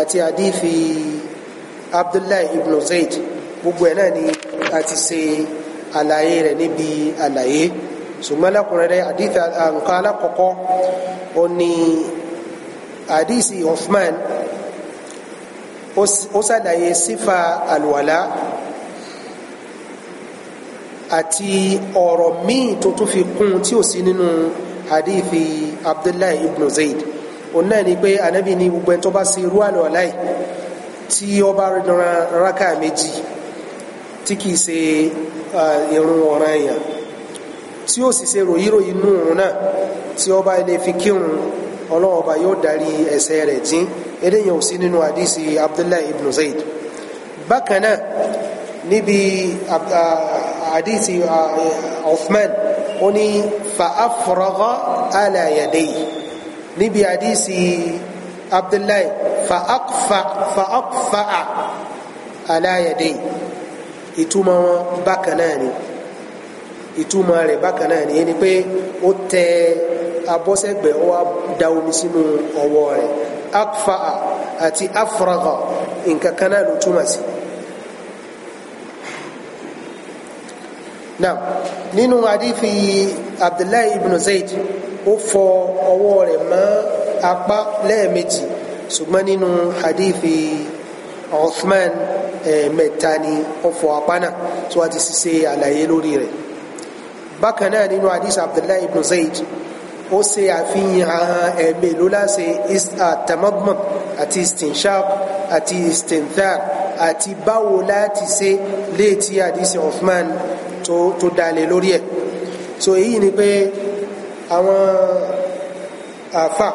àti hadithi Abdullahi ibn Zayd gbogbo ẹ̀ náà ni a ti ṣe àlàyé rẹ̀ níbi àlàyé ṣùgbọ́n lákùnrin rẹ̀ hadithi nǹkan alákọ̀ọ́kọ́ ó ní àdìsí Uthman ó ṣàlàyé sífà àlùwàlá àti ọ̀rọ̀ míì tó tún fi kún tí ò sí nínú hadithi abdullahi ibn zayd òun náà ni pé anabi ni gbogbo ẹni tó bá ṣe irú àlùwàlá yìí tí ran raka méjì tí kìí ṣe irun ọ̀ràn èèyàn tí ó si ṣe ròyìnròyìn nù òun náà tí ó bá lè fi kírun ọlọ́run ọba yóò darí ẹ̀ṣẹ̀ rẹ̀ jìn eléyìí ò sí nínú àdísì abdullahi ibn zayd bákan náà níbi àdísì e, uthman ó ní fa afragha ala yadayhi níbi àdísì abdullahi fa aqfa fa aqfa ala yadayhi ìtumọ̀ wọn bákan ni ìtumọ̀ rẹ̀ bákan ni ẹni pé ó tẹ abọ́sẹ̀gbẹ̀ ó wá da omi sínú ọwọ́ rẹ̀ akfa'a àti afraga nǹkan kan náà ló túmọ̀ sí. nínú àdífi abdullahi ibn zayd ó fọ ọwọ́ rẹ̀ mọ́ apá lẹ́ẹ̀mejì ṣùgbọ́n nínú àdífi uthman ẹ̀ẹ̀mẹ́ta ni ó fọ apá náà tó wá ti ṣiṣẹ́ àlàyé lórí rẹ̀ bákan náà nínú àdífi abdullahi ibn zayd ó ṣe àfihàn ẹ̀mẹ́ ló láṣẹ àtàmọ́gbọ̀n àti istinshaq àti istinthar àti báwo láti ṣe léètí àdísì Uthman tó dalẹ̀ lórí ẹ̀ so èyí ni pé àwọn àfà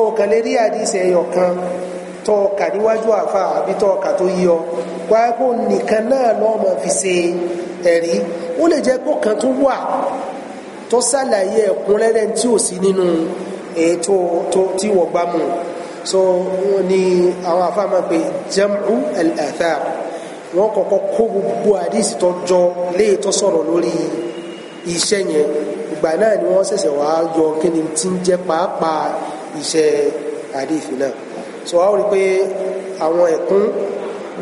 ó kàn lè rí àdísì ẹyọ kan tọ́ọ̀kà níwájú àfà àbí tọ́ọ̀kà tó yí ọ wáyé kó nìkan náà lọ́mọ fi ṣe ẹ̀rí ó lè jẹ́ kó kan tó wà tó sàlàyé ẹ̀kúnrẹ́rẹ́ tí ò sí nínú ètò tí wọ́n gbá mú so ni àwọn afáàmà pé jam'u al-athar wọ́n kọ́kọ́ kó gbogbo àdìsí tó jọ léè tó sọ̀rọ̀ lórí iṣẹ́ yẹn ìgbà náà ni wọ́n ṣẹ̀ṣẹ̀ wá yọ kí ni tí ń jẹ́ pàápàá iṣẹ́ àdìsí náà so wá rí pé àwọn ẹ̀kún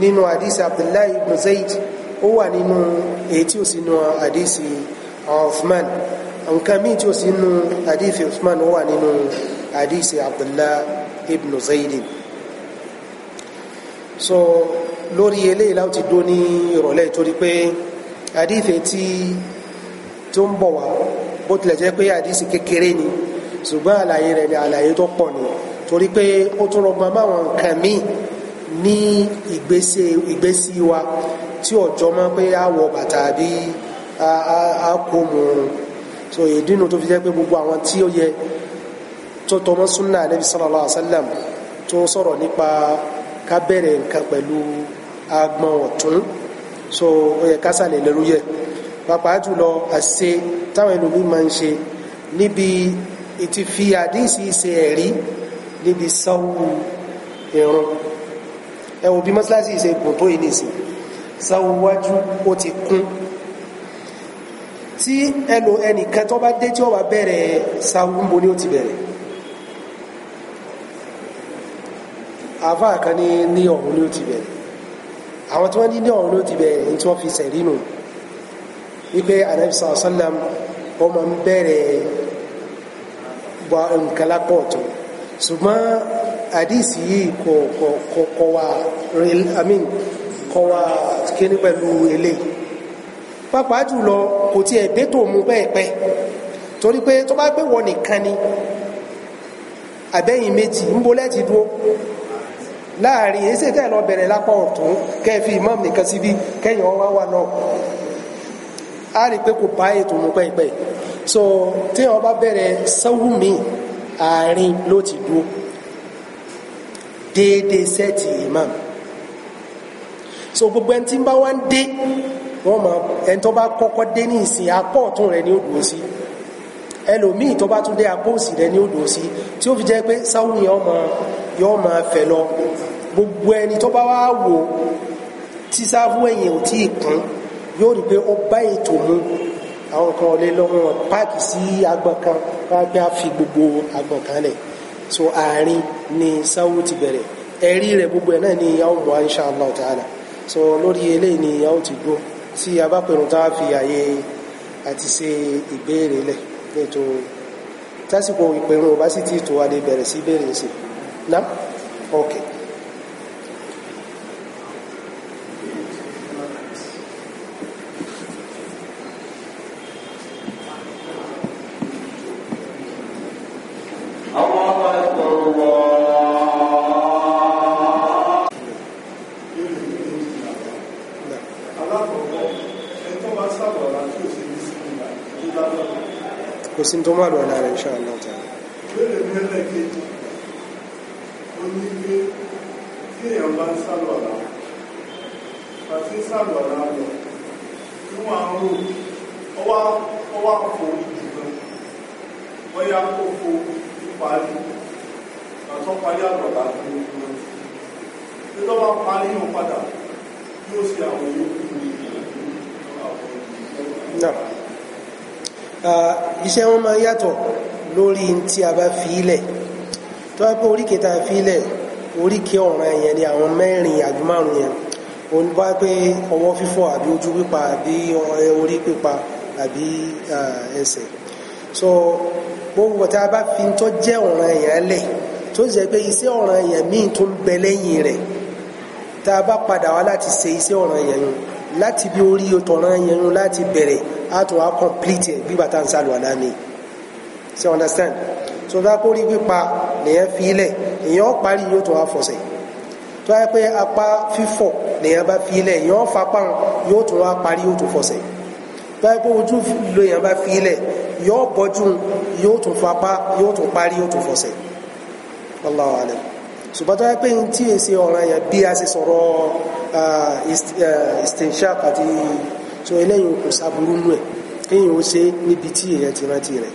nínú àdìsí abdullahi ibn zayd ó wà nínú èyí tí ó sì nù àdìsí Uthman nǹkan míì tí ó sì nú hadith usman wà nínú hadith abdullah ibn zaydin so lórí eléyìí láti dó ní ìrọ̀lẹ́ torí pé hadith tí tó ń bọ̀ wá bó tilẹ̀ jẹ́ pé hadith kékeré ni ṣùgbọ́n àlàyé rẹ̀ ni àlàyé tó pọ̀ ni torí pé ó tún rọgbọn máwọn nǹkan míì ní ìgbésí wa tí ọjọ́ máa pé a wọ bàtà bí a kò mú un so ìdínú tó fi jẹ́ pé gbogbo àwọn tí ó yẹ tó tọmọ súnà Ànábì sallallahu alaihi wasallam tó sọ̀rọ̀ nípa ká bẹ̀rẹ̀ nǹkan pẹ̀lú agbọn ọ̀tún so ó yẹ kásàlẹ̀ lẹ́rú yẹ pàápàá jùlọ àṣe táwọn ẹlòmí máa ń ṣe níbi ìti fi àdíìsí ṣe ẹ̀rí níbi sáwù ìrun ẹ̀wọ̀n bí mọ́sálásì ṣe gùn tó yìí nìsín sáwù wájú ó ti kún tí ẹnu ẹnìkan tó bá dé tí ó bá bẹ̀rẹ̀ sáwúmbo ni ó ti bẹ̀rẹ̀ àfáà kan ní ní ọ̀hún ni ó ti bẹ̀rẹ̀ àwọn tí wọ́n ní ní ọ̀hún ni ó ti bẹ̀rẹ̀ ní tí wọ́n fi sẹ̀rí nù wípé anabi sàlọ sàlám ó máa ń bẹ̀rẹ̀ bọ nǹkan lápọ̀ tó ṣùgbọ́n àdìsí yìí kò kò kò wá kò wá kíní pẹ̀lú eléyìí pàápàá jùlọ kò tiẹ̀ bẹ́tò mu pẹ́ẹ̀pẹ́ torí pé tó bá pé wọ́n nìkan ni àbẹ́yìn méjì ń bolẹ́ ti dúró láàrin èsì tẹ́ lọ bẹ̀rẹ̀ lápá ọ̀tún kẹfì imam nìkan síbi kẹyìn ọwá wà náà a rí pé kò bá ètò mú pẹ́ẹ̀pẹ́ so tí wọ́n bá bẹ̀rẹ̀ sẹ́wù mi àárín ló ti dúró déédéé sẹ́ẹ̀tì imam so gbogbo ẹni tí ń bá wá ń dé wọ́n máa ẹni tó bá kọ́kọ́ dé ní ìsìn apọ̀ ọ̀tún rẹ̀ ni ó dùn sí ẹlòmíì tó bá tún dé apọ̀ òsì rẹ̀ ni ó dùn sí tí ó fi jẹ́ pé sáwù yẹn yọ́ máa fẹ̀ lọ gbogbo ẹni tó bá wá wò tí sáfù ẹ̀yìn ò tí ì kún yóò rí pé ó bá ètò mu àwọn kan ọ̀lẹ́ lọ́wọ́ páàkì sí agbọ̀n kan wá pé fi gbogbo agbọ̀n kan lẹ̀ so àárín ni sáwù ti bẹ̀rẹ̀ ẹ̀rí rẹ̀ gbogbo ẹ̀ náà ni yàwó mọ́ insha Allah so lórí eléyìí ni yàwó ti gbó tí a bá pẹ̀rùn tá a fi àyè àti ṣe ìbéèrè lẹ̀ ètò tásìkò ìpẹ̀rùn ò bá sì ti tò wá lè bẹ̀rẹ̀ sí ìbéèrè sí náà okay. sí tó má lọ lára insha Allah ta'ala. Téèyàn bá ń sálọ̀lá, àti sálọ̀lá lọ, tí wọ́n á rò ọwá ọwá fò ìdìbọn, wọ́n yá kó fò ìparí, àtọ́parí àlọ̀lá tó ń gbọ́n. Tí tó bá parí yàn padà, yóò ṣe àwọn yòókù ní ìlú àwọn ìlú iṣẹ́ wọn máa yàtọ̀ lórí tí a bá fi ilẹ̀ tó bá pé oríkèé tá a fi ilẹ̀ oríkèé ọ̀ràn yẹn ni àwọn mẹ́rin àbí márùn yẹn òun bá pé ọwọ́ fífọ́ àbí ojú pípa àbí orí pípa àbí ẹsẹ̀ so gbogbo tá a bá fi tó jẹ́ ọ̀ràn yẹn lẹ̀ tó jẹ́ pé iṣẹ́ ọ̀ràn yẹn míì tó ń bẹ lẹ́yìn rẹ̀ tá a bá padà wá láti ṣe iṣẹ́ ọ̀ràn yẹn láti bí orí ọ̀ràn yẹn láti bẹ̀rẹ̀ á tó wá complete ẹ̀ bí bàtà ń sálù àlá ni ṣe understand tó bá kórì pípa nìyẹn fi ilẹ̀ èèyàn parí yóò tó wá fọsẹ̀ tó wáyé pé apá fífọ̀ nìyẹn bá fi ilẹ̀ èèyàn fapá yóò tó wá parí yóò tó fọsẹ̀ tó wáyé pé ojú lóyìn bá fi ilẹ̀ yóò bọ́jú yóò tó fapá yóò tó parí yóò tó fọsẹ̀ Allahu alam ṣùgbọ́n tó yẹ pé tí èsì ọ̀ràn yẹn bí a ṣe sọ̀rọ̀ ah, eh, istinshaq àti so eléyìí kò sáburú nù ẹ̀ kéyìn ó ṣe níbi tí èèyàn ti rántí rẹ̀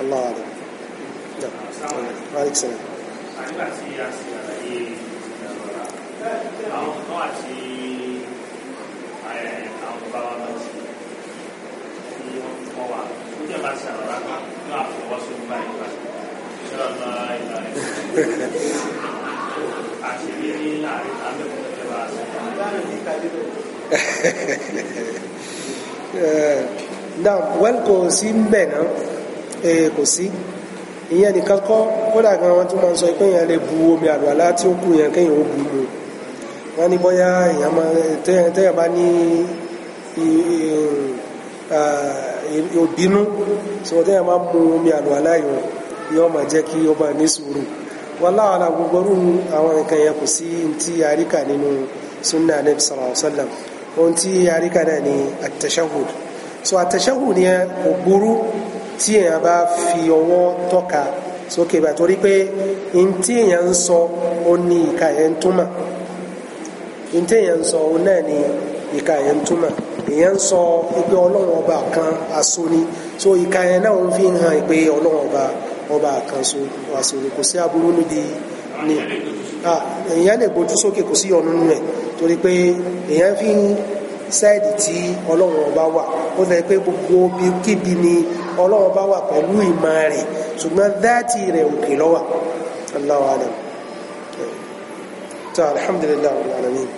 aláwọ̀ rẹ̀ àwọn kan àti àwọn bàbá bá ti ní wọn kọ wa ó jẹ bá ti àrọ̀rá kan ní àfọwọ́sọ nígbà ìgbà ìṣọ́ra bá ìgbà rẹ̀ àṣírí ní láàrin àbẹ̀wò ìjọba àṣẹ. now well kò sí ń bẹ̀ náà kò sí ìyẹn nìkan kọ́ kódà gan wọn tún máa ń sọ pé èèyàn lè bu omi àlùwàlá tí ó kù yẹn kéèyàn ó bu mu wọn ní bóyá èèyàn máa téèyàn bá ní òbínú ma wọn máa mu omi àlùwàlá yìí yóò máa jẹ́ kí ó máa ní sùúrù wọn láwọn agbègbè àwọn nǹkan yẹn kò sí ti àríkà nínú sunna anabi sallallahu alaihi wa sallam. ohun tí àríkà náà ni àtẹ̀ṣẹ́hùd so àtẹ̀ṣẹ́hùd yẹn kò burú tí èèyàn bá fi ọwọ́ tọ́ka sókè bá torí pé n tí èèyàn ń sọ ó ní ìka yẹn túmọ̀ n tí èèyàn ń sọ ó náà ní ìka yẹn túmọ̀ èèyàn ń sọ pé ọlọ́run ọba kan ni so ìka yẹn náà ń fi hàn pé ọlọ́run ọba ọba kan ni kò sí aburú ni èèyàn lè gbójú sókè kò sí ọ̀nù nù torí pé èèyàn fi ń sáìdì tí ọlọ́run ọba wà ó lè pé gbogbo kíbi ni ọlọ́run ọba wà pẹ̀lú ìmọ̀ rẹ̀ ṣùgbọ́n dáàtì rẹ̀ òkè lọ́wà Allahu alam tó alhamdulilayi alamin.